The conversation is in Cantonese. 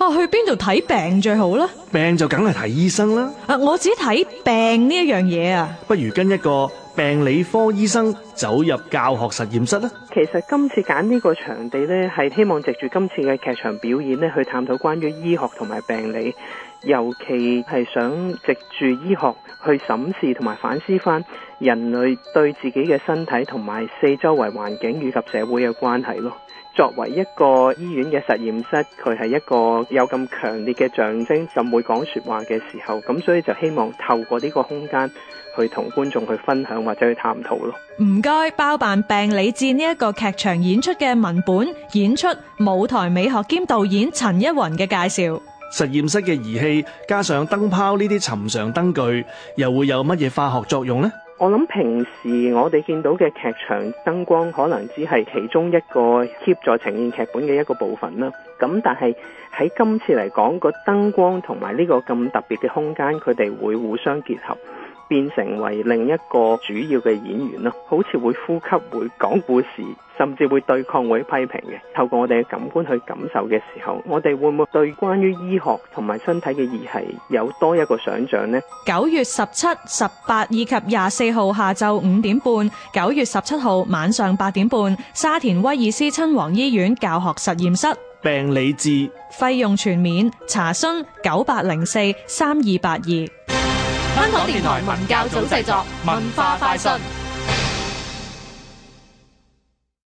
啊，去邊度睇病最好咧？病就梗係睇醫生啦。啊，我只睇病呢一樣嘢啊。不如跟一個病理科醫生走入教學實驗室啦。其實今次揀呢個場地呢，係希望藉住今次嘅劇場表演呢，去探討關於醫學同埋病理，尤其係想藉住醫學去審視同埋反思翻人類對自己嘅身體同埋四周圍環境以及社會嘅關係咯。作為一個醫院嘅實驗室，佢係一個有咁強烈嘅象徵，就唔會講說話嘅時候，咁所以就希望透過呢個空間去同觀眾去分享或者去探討咯。唔該，包辦病理戰呢一個劇場演出嘅文本演出，舞台美學兼導演陳一雲嘅介紹。實驗室嘅儀器加上燈泡呢啲尋常燈具，又會有乜嘢化學作用呢？我諗平時我哋見到嘅劇場燈光可能只係其中一個協助呈現劇本嘅一個部分啦，咁但係喺今次嚟講，個燈光同埋呢個咁特別嘅空間，佢哋會互相結合。變成為另一個主要嘅演員，好似會呼吸、會講故事，甚至會對抗會批評嘅。透過我哋嘅感官去感受嘅時候，我哋會唔會對關於醫學同埋身體嘅疑系有多一個想象呢？九月十七、十八以及廿四號下晝五點半，九月十七號晚上八點半，沙田威爾斯親王醫院教學實驗室，病理治，費用全免，查詢九八零四三二八二。香港電台文教組製作《文化快訊》。